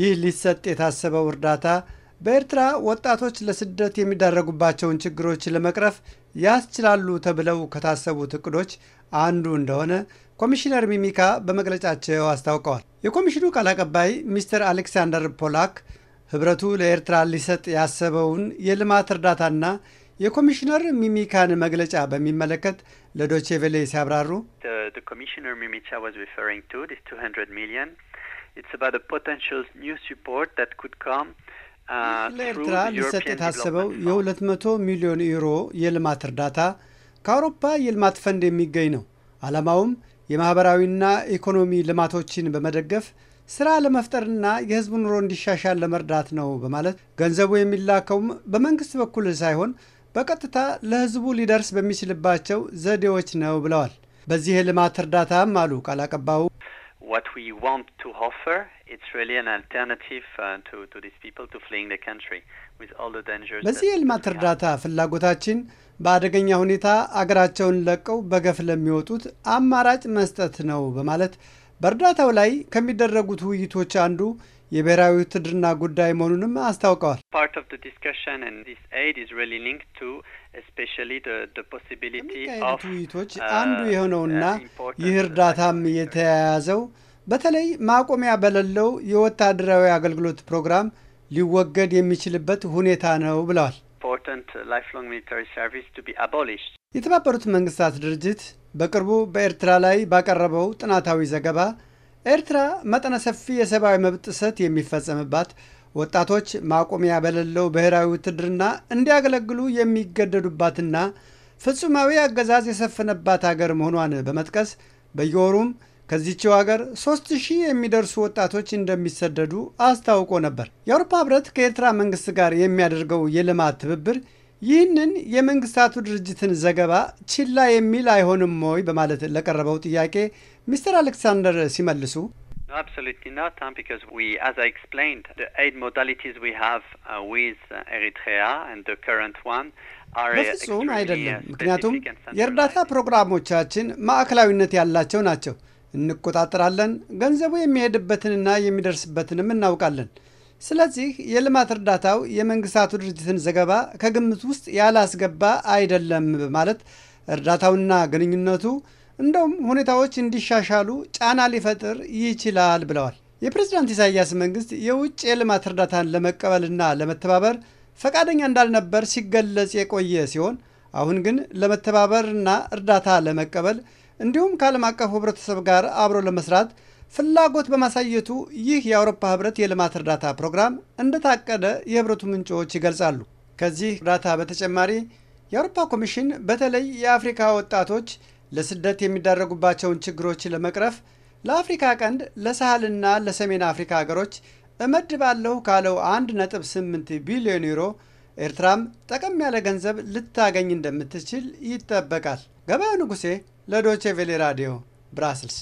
ይህ ሊሰጥ የታሰበው እርዳታ በኤርትራ ወጣቶች ለስደት የሚዳረጉባቸውን ችግሮች ለመቅረፍ ያስችላሉ ተብለው ከታሰቡት እቅዶች አንዱ እንደሆነ ኮሚሽነር ሚሚካ በመግለጫቸው አስታውቀዋል። የኮሚሽኑ ቃል አቀባይ ሚስተር አሌክሳንደር ፖላክ ህብረቱ ለኤርትራ ሊሰጥ ያሰበውን የልማት እርዳታና የኮሚሽነር ሚሚካን መግለጫ በሚመለከት ለዶቼ ቬሌ ሲያብራሩ it's about a potential new support that could come ለኤርትራ uh, ሊሰጥ የታሰበው የ200 ሚሊዮን ዩሮ የልማት እርዳታ ከአውሮፓ የልማት ፈንድ የሚገኝ ነው። ዓላማውም የማኅበራዊና ኢኮኖሚ ልማቶችን በመደገፍ ስራ ለመፍጠርና የህዝቡ ኑሮ እንዲሻሻል ለመርዳት ነው በማለት ገንዘቡ የሚላከውም በመንግስት በኩል ሳይሆን በቀጥታ ለህዝቡ ሊደርስ በሚችልባቸው ዘዴዎች ነው ብለዋል። በዚህ የልማት እርዳታም አሉ ቃል አቀባዩ what we want to offer, it's really an alternative uh, to, to these people to fleeing the country with all the dangers. በዚህ የልማት እርዳታ ፍላጎታችን በአደገኛ ሁኔታ አገራቸውን ለቀው በገፍ ለሚወጡት አማራጭ መስጠት ነው በማለት በእርዳታው ላይ ከሚደረጉት ውይይቶች አንዱ የብሔራዊ ውትድርና ጉዳይ መሆኑንም አስታውቀዋል። ከሚካሄዱት ውይይቶች uh, አንዱ የሆነውና ይህ እርዳታም የተያያዘው በተለይ ማቆሚያ በሌለው የወታደራዊ አገልግሎት ፕሮግራም ሊወገድ የሚችልበት ሁኔታ ነው ብለዋል። የተባበሩት መንግስታት ድርጅት በቅርቡ በኤርትራ ላይ ባቀረበው ጥናታዊ ዘገባ ኤርትራ መጠነ ሰፊ የሰብአዊ መብት ጥሰት የሚፈጸምባት ወጣቶች ማቆሚያ በሌለው ብሔራዊ ውትድርና እንዲያገለግሉ የሚገደዱባትና ፍጹማዊ አገዛዝ የሰፈነባት አገር መሆኗን በመጥቀስ በየወሩም ከዚችው ሀገር ሶስት ሺህ የሚደርሱ ወጣቶች እንደሚሰደዱ አስታውቆ ነበር። የአውሮፓ ህብረት ከኤርትራ መንግስት ጋር የሚያደርገው የልማት ትብብር ይህንን የመንግስታቱ ድርጅትን ዘገባ ችላ የሚል አይሆንም ወይ በማለት ለቀረበው ጥያቄ ሚስተር አሌክሳንደር ሲመልሱ uh, በፍጹም አይደለም። ምክንያቱም የእርዳታ ፕሮግራሞቻችን ማዕከላዊነት ያላቸው ናቸው። እንቆጣጠራለን። ገንዘቡ የሚሄድበትንና የሚደርስበትንም እናውቃለን። ስለዚህ የልማት እርዳታው የመንግስታቱ ድርጅትን ዘገባ ከግምት ውስጥ ያላስገባ አይደለም በማለት እርዳታውና ግንኙነቱ እንደውም ሁኔታዎች እንዲሻሻሉ ጫና ሊፈጥር ይችላል ብለዋል። የፕሬዝዳንት ኢሳያስ መንግስት የውጭ የልማት እርዳታን ለመቀበልና ለመተባበር ፈቃደኛ እንዳልነበር ሲገለጽ የቆየ ሲሆን አሁን ግን ለመተባበርና እርዳታ ለመቀበል እንዲሁም ከዓለም አቀፉ ህብረተሰብ ጋር አብሮ ለመስራት ፍላጎት በማሳየቱ ይህ የአውሮፓ ህብረት የልማት እርዳታ ፕሮግራም እንደታቀደ የህብረቱ ምንጮች ይገልጻሉ። ከዚህ እርዳታ በተጨማሪ የአውሮፓ ኮሚሽን በተለይ የአፍሪካ ወጣቶች ለስደት የሚዳረጉባቸውን ችግሮች ለመቅረፍ ለአፍሪካ ቀንድ ለሳህልና ለሰሜን አፍሪካ ሀገሮች እመድባለሁ ካለው 1.8 ቢሊዮን ዩሮ ኤርትራም ጠቀም ያለ ገንዘብ ልታገኝ እንደምትችል ይጠበቃል። ገበያው ንጉሴ ለዶቼ ቬሌ ራዲዮ ብራስልስ